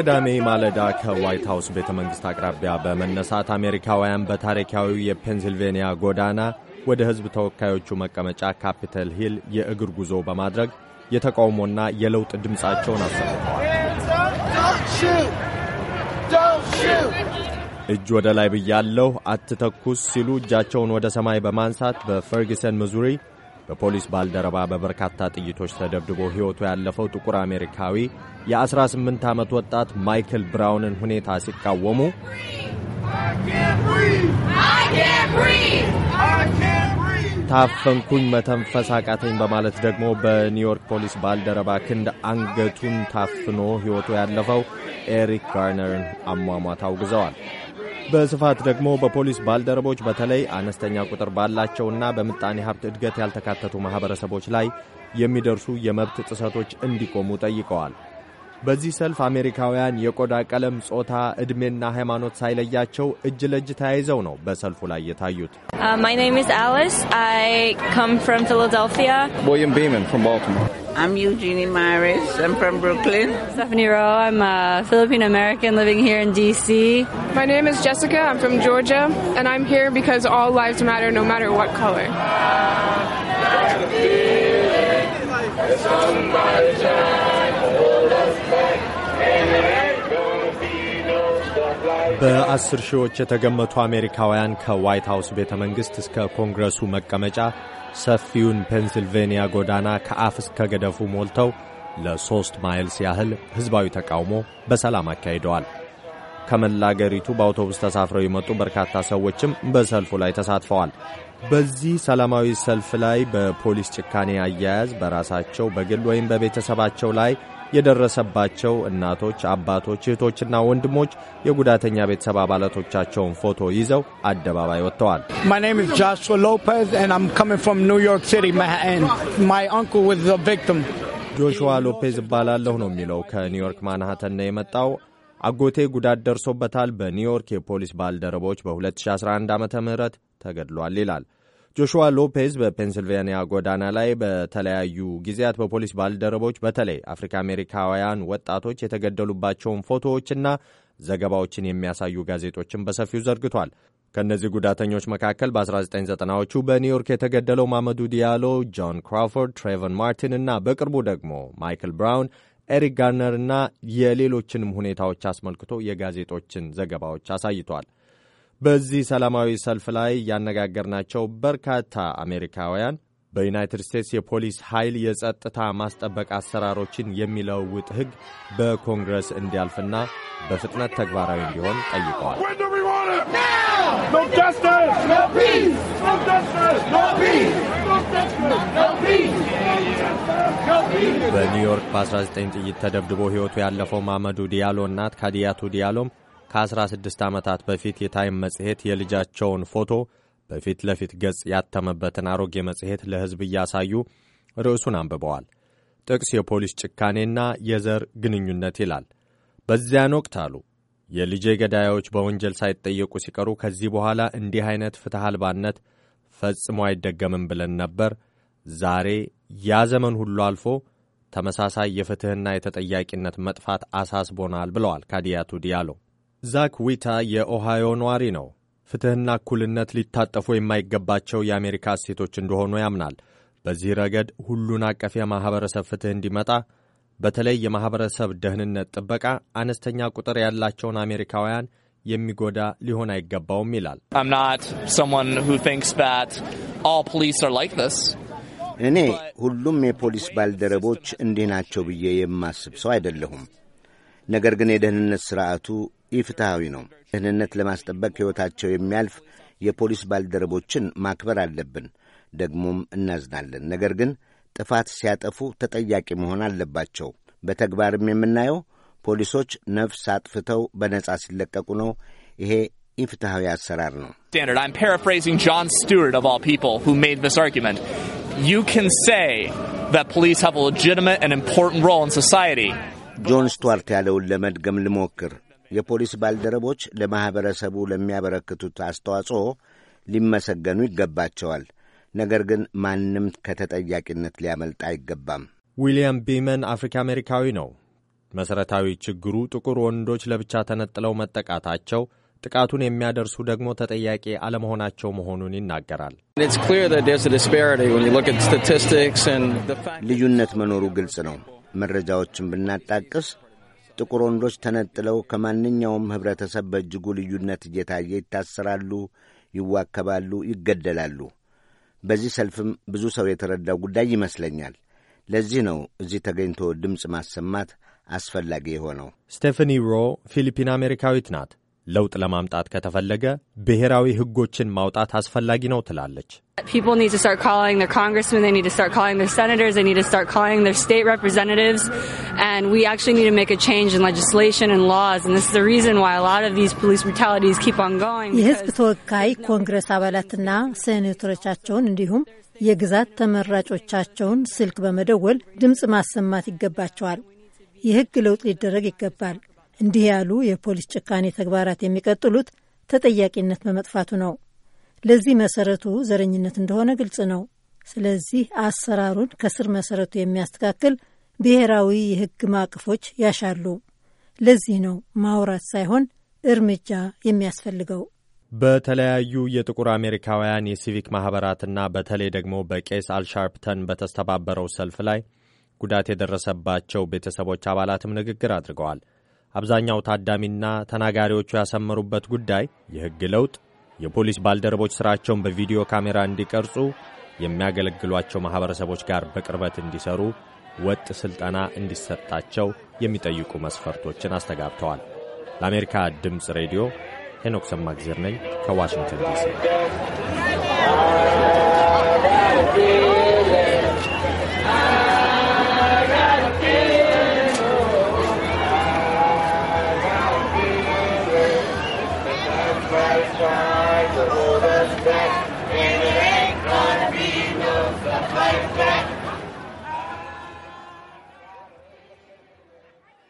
ቅዳሜ ማለዳ ከዋይት ሀውስ ቤተ መንግሥት አቅራቢያ በመነሳት አሜሪካውያን በታሪካዊ የፔንሲልቬንያ ጎዳና ወደ ሕዝብ ተወካዮቹ መቀመጫ ካፒተል ሂል የእግር ጉዞ በማድረግ የተቃውሞና የለውጥ ድምፃቸውን አሰምተዋል። እጅ ወደ ላይ ብያለሁ፣ አትተኩስ ሲሉ እጃቸውን ወደ ሰማይ በማንሳት በፈርጊሰን ምዙሪ በፖሊስ ባልደረባ በበርካታ ጥይቶች ተደብድቦ ሕይወቱ ያለፈው ጥቁር አሜሪካዊ የ18 ዓመት ወጣት ማይክል ብራውንን ሁኔታ ሲቃወሙ ታፈንኩኝ፣ መተንፈስ አቃተኝ በማለት ደግሞ በኒውዮርክ ፖሊስ ባልደረባ ክንድ አንገቱን ታፍኖ ሕይወቱ ያለፈው ኤሪክ ጋርነርን አሟሟት አውግዘዋል። በስፋት ደግሞ በፖሊስ ባልደረቦች በተለይ አነስተኛ ቁጥር ባላቸውና በምጣኔ ሀብት እድገት ያልተካተቱ ማኅበረሰቦች ላይ የሚደርሱ የመብት ጥሰቶች እንዲቆሙ ጠይቀዋል። በዚህ ሰልፍ አሜሪካውያን የቆዳ ቀለም፣ ጾታ፣ ዕድሜና ሃይማኖት ሳይለያቸው እጅ ለእጅ ተያይዘው ነው በሰልፉ ላይ የታዩት። በአስር ሺዎች የተገመቱ አሜሪካውያን ከዋይት ሃውስ ቤተ መንግሥት እስከ ኮንግረሱ መቀመጫ ሰፊውን ፔንስልቬንያ ጎዳና ከአፍ እስከ ገደፉ ሞልተው ለሦስት ማይልስ ያህል ሕዝባዊ ተቃውሞ በሰላም አካሂደዋል። ከመላ አገሪቱ በአውቶቡስ ተሳፍረው የመጡ በርካታ ሰዎችም በሰልፉ ላይ ተሳትፈዋል። በዚህ ሰላማዊ ሰልፍ ላይ በፖሊስ ጭካኔ አያያዝ በራሳቸው በግል ወይም በቤተሰባቸው ላይ የደረሰባቸው እናቶች፣ አባቶች፣ እህቶችና ወንድሞች የጉዳተኛ ቤተሰብ አባላቶቻቸውን ፎቶ ይዘው አደባባይ ወጥተዋል። ጆሹዋ ሎፔዝ እባላለሁ ነው የሚለው። ከኒውዮርክ ማንሃተን ነው የመጣው። አጎቴ ጉዳት ደርሶበታል፣ በኒውዮርክ የፖሊስ ባልደረቦች በ2011 ዓ ም ተገድሏል ይላል። ጆሹዋ ሎፔዝ በፔንስልቬንያ ጎዳና ላይ በተለያዩ ጊዜያት በፖሊስ ባልደረቦች በተለይ አፍሪካ አሜሪካውያን ወጣቶች የተገደሉባቸውን ፎቶዎችና ዘገባዎችን የሚያሳዩ ጋዜጦችን በሰፊው ዘርግቷል። ከእነዚህ ጉዳተኞች መካከል በ1990ዎቹ በኒውዮርክ የተገደለው ማመዱ ዲያሎ፣ ጆን ክራውፎርድ፣ ትሬቨን ማርቲን እና በቅርቡ ደግሞ ማይክል ብራውን ኤሪክ ጋርነር እና የሌሎችንም ሁኔታዎች አስመልክቶ የጋዜጦችን ዘገባዎች አሳይቷል። በዚህ ሰላማዊ ሰልፍ ላይ ያነጋገርናቸው በርካታ አሜሪካውያን በዩናይትድ ስቴትስ የፖሊስ ኃይል የጸጥታ ማስጠበቅ አሰራሮችን የሚለውጥ ሕግ በኮንግረስ እንዲያልፍና በፍጥነት ተግባራዊ እንዲሆን ጠይቀዋል። በኒውዮርክ በ19 ጥይት ተደብድቦ ሕይወቱ ያለፈው ማመዱ ዲያሎ እናት ካዲያቱ ዲያሎም ከ16 ዓመታት በፊት የታይም መጽሔት የልጃቸውን ፎቶ በፊት ለፊት ገጽ ያተመበትን አሮጌ መጽሔት ለሕዝብ እያሳዩ ርዕሱን አንብበዋል። ጥቅስ የፖሊስ ጭካኔና የዘር ግንኙነት ይላል። በዚያን ወቅት አሉ የልጄ ገዳዮች በወንጀል ሳይጠየቁ ሲቀሩ ከዚህ በኋላ እንዲህ አይነት ፍትሕ አልባነት ፈጽሞ አይደገምም ብለን ነበር። ዛሬ ያ ዘመን ሁሉ አልፎ ተመሳሳይ የፍትሕና የተጠያቂነት መጥፋት አሳስቦናል ብለዋል ካዲያቱ ዲያሎ። ዛክ ዊታ የኦሃዮ ነዋሪ ነው። ፍትሕና እኩልነት ሊታጠፉ የማይገባቸው የአሜሪካ እሴቶች እንደሆኑ ያምናል። በዚህ ረገድ ሁሉን አቀፍ የማኅበረሰብ ፍትሕ እንዲመጣ በተለይ የማኅበረሰብ ደህንነት ጥበቃ አነስተኛ ቁጥር ያላቸውን አሜሪካውያን የሚጎዳ ሊሆን አይገባውም ይላል። እኔ ሁሉም የፖሊስ ባልደረቦች እንዲህ ናቸው ብዬ የማስብ ሰው አይደለሁም። ነገር ግን የደህንነት ሥርዓቱ ኢፍትሐዊ ነው። ደህንነት ለማስጠበቅ ሕይወታቸው የሚያልፍ የፖሊስ ባልደረቦችን ማክበር አለብን። ደግሞም እናዝናለን። ነገር ግን ጥፋት ሲያጠፉ ተጠያቂ መሆን አለባቸው። በተግባርም የምናየው ፖሊሶች ነፍስ አጥፍተው በነጻ ሲለቀቁ ነው። ይሄ ኢፍትሐዊ አሰራር ነው። ጆን ጆን ስቱዋርት ያለውን ለመድገም ልሞክር። የፖሊስ ባልደረቦች ለማኅበረሰቡ ለሚያበረክቱት አስተዋጽኦ ሊመሰገኑ ይገባቸዋል። ነገር ግን ማንም ከተጠያቂነት ሊያመልጥ አይገባም። ዊልያም ቢመን አፍሪካ አሜሪካዊ ነው። መሠረታዊ ችግሩ ጥቁር ወንዶች ለብቻ ተነጥለው መጠቃታቸው፣ ጥቃቱን የሚያደርሱ ደግሞ ተጠያቂ አለመሆናቸው መሆኑን ይናገራል። ልዩነት መኖሩ ግልጽ ነው። መረጃዎችን ብናጣቅስ ጥቁር ወንዶች ተነጥለው ከማንኛውም ኅብረተሰብ በእጅጉ ልዩነት እየታየ ይታሰራሉ፣ ይዋከባሉ፣ ይገደላሉ። በዚህ ሰልፍም ብዙ ሰው የተረዳው ጉዳይ ይመስለኛል። ለዚህ ነው እዚህ ተገኝቶ ድምፅ ማሰማት አስፈላጊ የሆነው። ስቴፈኒ ሮ ፊሊፒን አሜሪካዊት ናት። ለውጥ ለማምጣት ከተፈለገ ብሔራዊ ሕጎችን ማውጣት አስፈላጊ ነው ትላለች። የሕዝብ ተወካይ ኮንግረስ አባላትና ሴኔተሮቻቸውን እንዲሁም የግዛት ተመራጮቻቸውን ስልክ በመደወል ድምፅ ማሰማት ይገባቸዋል። የሕግ ለውጥ ሊደረግ ይገባል። እንዲህ ያሉ የፖሊስ ጭካኔ ተግባራት የሚቀጥሉት ተጠያቂነት በመጥፋቱ ነው። ለዚህ መሰረቱ ዘረኝነት እንደሆነ ግልጽ ነው። ስለዚህ አሰራሩን ከስር መሰረቱ የሚያስተካክል ብሔራዊ የሕግ ማዕቀፎች ያሻሉ። ለዚህ ነው ማውራት ሳይሆን እርምጃ የሚያስፈልገው። በተለያዩ የጥቁር አሜሪካውያን የሲቪክ ማኅበራትና በተለይ ደግሞ በቄስ አልሻርፕተን በተስተባበረው ሰልፍ ላይ ጉዳት የደረሰባቸው ቤተሰቦች አባላትም ንግግር አድርገዋል። አብዛኛው ታዳሚና ተናጋሪዎቹ ያሰመሩበት ጉዳይ የሕግ ለውጥ፣ የፖሊስ ባልደረቦች ሥራቸውን በቪዲዮ ካሜራ እንዲቀርጹ፣ የሚያገለግሏቸው ማኅበረሰቦች ጋር በቅርበት እንዲሠሩ፣ ወጥ ሥልጠና እንዲሰጣቸው የሚጠይቁ መስፈርቶችን አስተጋብተዋል። ለአሜሪካ ድምፅ ሬዲዮ ሄኖክ ሰማግዜር ነኝ ከዋሽንግተን ዲሲ። back and